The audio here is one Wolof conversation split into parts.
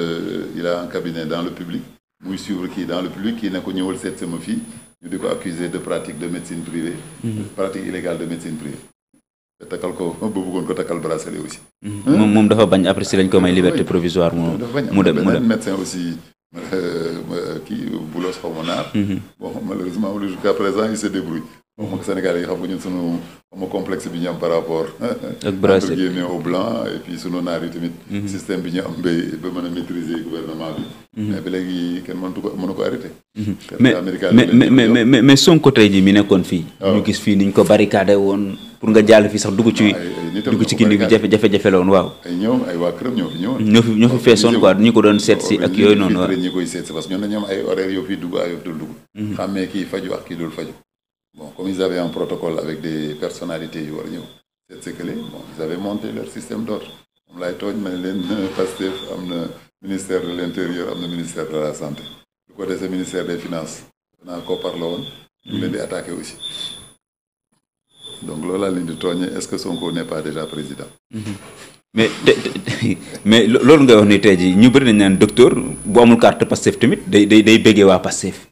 Euh, il a un dans le public muy suivre kii dans le public kii ne ko ñëwal seet sama fii ñu di ko accuser de pratique de médecine privée mhm. pratique illégale de médecine privée te takkal ko ba bëggoon aussi mhm. moom moom dafa bañ après si lañ ko may provisoire mu mu dem mu dem médecin aussi euh, kii Boulos mhm. présent il se débrouille moom ak Sénégal yi xam nga ñun sunu ama complexe bi ñu am par rapport ak Brésil entre guillemets au blanc et puis sunu naar yi tamit mhm. système bi ñu am ba ba mën a maîtriser gouvernement bi mhm. mais ba léegi kenn mënatu ko mënu ko arrêté mhm. mais mais mais mais mais Sonko tey ji mi nekkoon fii ah. ñu gis fii niñ ko barricadé woon pour nga jàll fii sax dugg ci ah, dugg ci kindi bi jafe jafe-jafe la woon waaw ay ñoom ay waa këram ñoo fi ñëwoon ñoo fi ñoo fi feesoon quoi ñu ko doon seet si ak yooyu noonu waaw ñi koy seet si parce que ñoom dañoo am ay horaires yoo fii dugg ay yoo fi dul dugg xàmmee kii faju ak kii dul faju bon comme ils avaient un protocole avec des personnalités yu war a ñëw seet si bon ils avaient monté leur système d'ordre moom laay tooñ ma leen Pastef am na ministère de l'intérieur am na ministère de la santé lu ko dese ministère des finances danaa ko parlo woon ñu leen di attaqué aussi donc loolu laa leen di tooñee est-ce que Sonko n'est pas déjà président mais te mais loolu nga wax ni tey jii ñu bëri nañ naan docteur bu amul carte Pastef tamit day day day béggee waa Pastef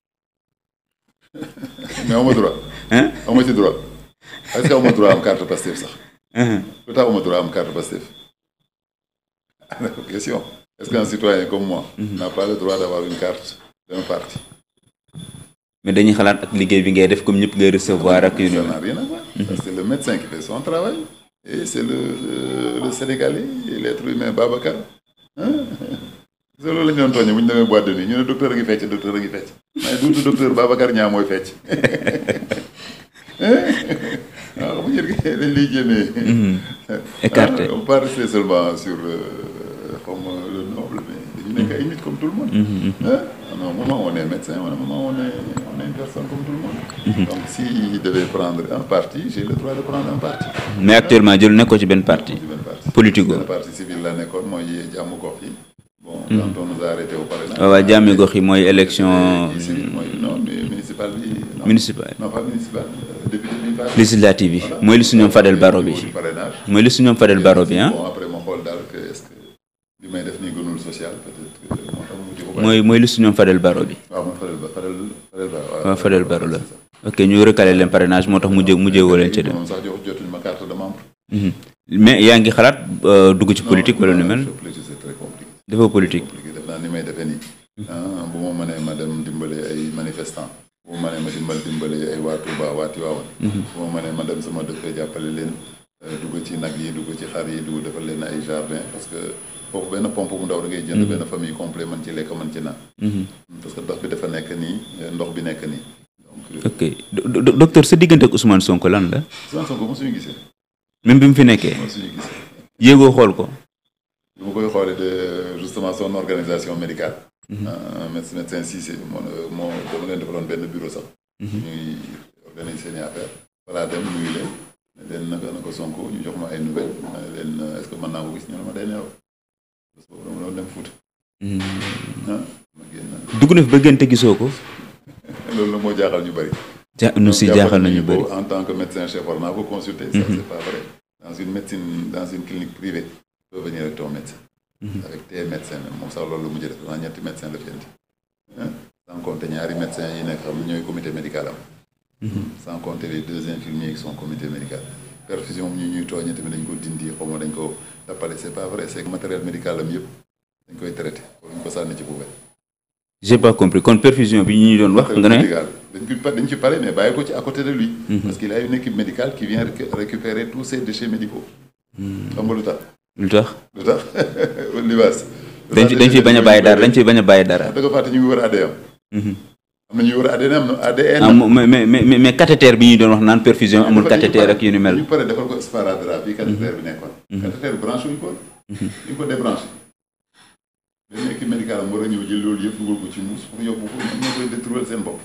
mais ama aw ma ci droit est-ce ma droit am carte Pastef sax. lu tax aw ma droit am carte Pastef. question est-ce qu'un citoyen comme moi. Mhm. n'a pas droit d'avoir une carte d'un parti. mais dañuy xalaat ak liggéey bi ngay def comme ñëpp ngay recevoir ak. yu ni mhm. c'est le médecin qui fait son travail. et c'est le euh, le Sénégalais et l'être humain Babacar. so loolu la ñu doon tooñe bu ñu demee boîte de ñu ne docteur a ngi fecc docteur a ngi fecc. waaye duutu docteur Babacar ñaa mooy fecc. Ah, waaw bu njëkk dañ lay jéemee. écarté ah, on peut rester seulement sur xaw euh, ma euh, le noble mais dañu nekk ay nit tout le monde. Mm-hmm, mm-hmm. ah non moment on est médecin wala moment on est on est une personne comme tout le monde. Mm-hmm. si il devait prendre un parti j'ai le droit de prendre un parti. mais actuellement jël nekkoo ci benn parti. politique benn parti civil la nekkoon mooy jàmm gox yi. bon quand waaw waaw gox yi mooy élection. Euh, non municipal bi. municipal non pas municipal euh, député bi. législative bi mooy li su ñoom Fadel Baro bi. mooy li su ñoom Fadel Baro bi ah. bon moo tax mu jóg. mooy Baro bi. waaw ah, mooy Fadel Fadel Fadel Baro. waaw Fadel Baro la. ok ñu recalé leen parrainage moo tax mu jé mu jéewoo leen ca dem. Mhm. mais yaa ngi xalaat euh, dugg ci politique wala nu mel. defoo politique. def naa ni may defee nii. Ah, bu ma mënee ma dem dimbale ay manifestant bu ma mënee ma dimbal dimbale ay waa Touba waa Tivaouane. Mhm. bu ma mënee ma dem sama dëkk jàppale leen euh, dugg ci nag yi dugg ci xar yi dugg defal leen ay jardin parce que foofu benn pompe bu ndaw da ngay jënd mhm. benn famille complet mën ci lekk man ci naan. Mhm. parce que ndox bi dafa nekk nii euh, ndox bi nekk nii. Euh, ok docteur sa diggante ak Ousmane Sonko lan la. Ousmane Sonko mosuñu gisee. même mu fi nekkee. mosuñu gisee. yéegoo bu koy xoolee de justement son organisation médicale. Mhm. Euh, médecin médecin si moo moo dama leen defaloon benn bureau sax. Mhm. ñuy organiser seen i affaire balaa dem nuyu leen leen naka naka Sonko ñu jox ma ay nouvelle ma leen euh, est-ce naa ko gis ñu ne ma day neew bés boobu mhm. ah, dugg na fi ba gënte gisoo ko. loolu moo jaaxal ñu bëri. ja nu si jaaxal nañu bëri en tant que médecin chef war naa ko consulter. ça c'est pas dans une médecine dans une clinique privée. doo venir avec ton médecin. Mhm. avec tes médecins même moom sax loolu la mujj def naa ñetti médecin la fi indi. sans compter ñaari médecin yi nekk xam ñooy comité médical am. Mhm. sans compter les deux infirmiers qui sont comité médical. perfusion ñu ñuy tooñee tamit dañ ko dindi xaw ma dañ ko tappale c'est pas vrai c'est que matériel médical am yëpp dañ koy traité dañ ko sànni ci poubelle. j'ai pas compris kon perfusion bi ñu doon wax. nga ne dañ ci dañ ci pare mais bàyyi ko ci à côté de lui. Mhm. parce qu'il a une équipe lu tax lu tax libaas dañ fi dañ fi bañ a bàyyi dara dañ fi bañ bàyyi dara da nga fàtte ñu ngi wër ADN ma mhm. na ñuy wër ah, bi ñuy doon wax naan perfusion amul cathéter ak yu ni mel ñu pare defal ko mhm. mhm. a ñëw jël loolu yëpp ci muus pour seen bopp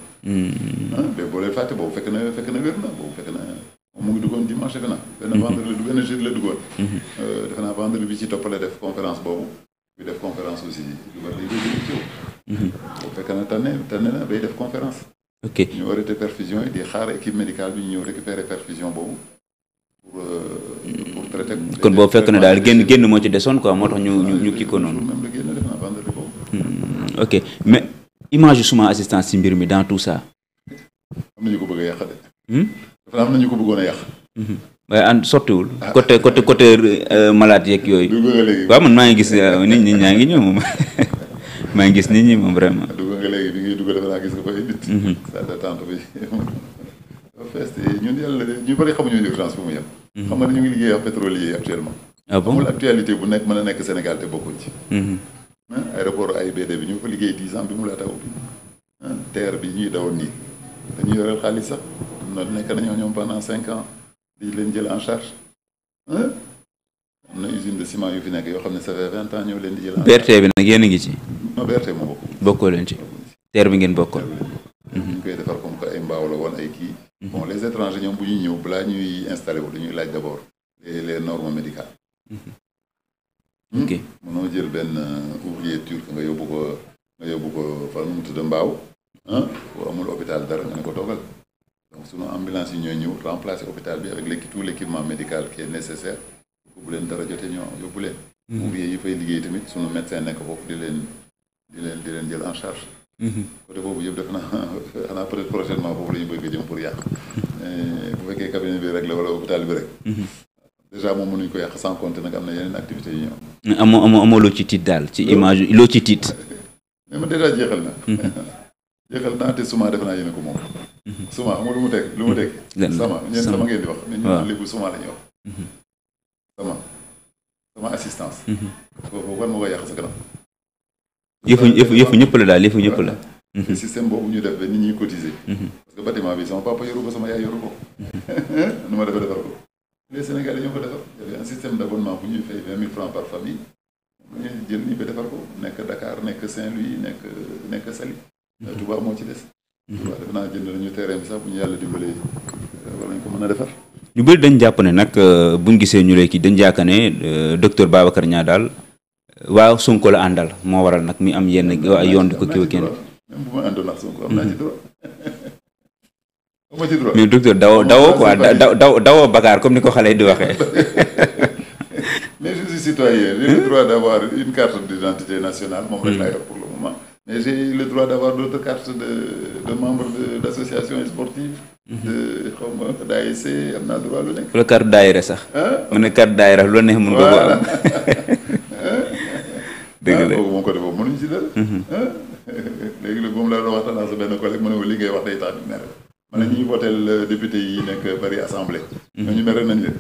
ah, mais boo leen fàtte boobu fekk mu ngi duggoon dimanche defe naa. Mhm. benn vendredi la dugg benn jeudi la mhm. euh, aussi lu bari dañ fekkee ne tànne tànne na def conférence. ok ñu arrêté perfusion yi di xaar équipe bi ñu ñëw récupérer perfusion boobu. pour euh, pour traiter. Mm. kon boo fekk na daal génn génn moo ci desoon quoi moo tax ñu ñu ñu kii ko mm. ok mais image suma assistance ci mbir mi dans tout ça. am na ñu a am na ko bëggoon a yàq. waaye mm-hmm. uh, ànd sottiwul. Ah. côté côté côté uh, malade yeeg yooyu. waaw man maa ngi gis uh, nit ñi ñaa ngi ñëw moom maa ngi gis nit ñi moom vraiment. dugg nga léegi bi ngay dugg defe naa gis nga koy nit. salle mm-hmm. d'attente bi fees ñun yàlla ñu bëri xamuñu urgence bu mu yem. Mm-hmm. xam ñu ngi liggéey ak pétrolier actuellement. ah bon amul actualité bu nekk mën a nekk Sénégal te bokkuñ ci. Ah, aéroport AIBD bi ñu ngi ko liggéey dix ans bi mu laa taw bi ah, terre bi ñuy dawoon nii dañuy yoreel xaalis sax. nekk nañoo ñoom pandant cinq ans di leen jël en charge am na usine de ciment yu fi nekk yoo xam ne ça fait vingt ans ñëw leen di jël en charge BRT bi nag yéen ngi ci non BRT moo bokk bokkoo leen ci terre bi ngeen bokkoon mhm. ñu koy defar mbaaw la woon ay kii mhm. bon les ñoom bu ñuy ñëw balaa ñuy installé wu dañuy laaj d' abord les les normes médicales mhm. ok hmm? mënoo jël benn euh, ouvrier turc nga yóbbu ko nga yóbbu ko fan mu tudd mbaaw ah amul hôpital dara nga ne ko toogal sunu ambulance yi ñooy ñëw remplacer hôpital bi avec l' tout l' médical qui est nécessaire bu leen dara jote ñoo yóbbu leen. Mm-hmm. ouvrier yi liggéey tamit sunu médecin nekk foofu di leen di mm-hmm. jëm pour yàq. bu fekkee cabinet bi rek la wala hôpital bi rek. Mm-hmm. déjà moom mënuñ ko yàq sans compter nag am na yeneen activités yu ñëw. amoo amoo amoo loo ci tiit daal ci image loo ci tiit. mais déjà jeexal na. yëkkal naa te suma defe naa yéen ko moom. Mhm. suma xam nga lu mu teg lu mu teg. Mhm. sama ñeen sama ngeen di wax. waaw ñun léegi suma la ñuy wax. Mhm. sama sama assistance. kooku war ma koy yàq sa kanam. yëfu yëfu yëfu ñëpp la boobu ñu def ba nit ñi cotiser. parce que bâtiment bi sama papa yoru ko sama yaay yoru ko. nu ma defee defar ko. les Sénégalais ñoo ko defar d' ñu jël ñu ko defar ko nekk Dakar nekk Saint-Louis nekk nekk Saly. Euh, Touba moo ci des. Mhm. ñu yàlla euh, dañ jàpp ne nag euh, buñ gisee ñu lay kii dañ jàkk ne docteur Babacar Niang daal waaw Sonko la àndal moo waral nag mi am yenn yoon di ko kii kenn. même bu ma mhm. mais docteur dawoo dawoo bakaar comme ni ko xale di waxee. mais mais j'ai eu le droit d'avoir d'autres cartes de, de membres d'associations sportives. Mhm. de xaw ma d'ASC am naa droit lu nekk. wala carte daayira sax. ah mu ne carte daayira lu neex mun nga ko am. mu la ah, moom ko defoo mënuñ ci dara. Mhm. léegi nag moom la doon benn collègue mu ne ma li ngay wax day tax di ma ne ñuy voteel député yi nekk bari assemblée. Mhm. ñooñu mere nañ leen.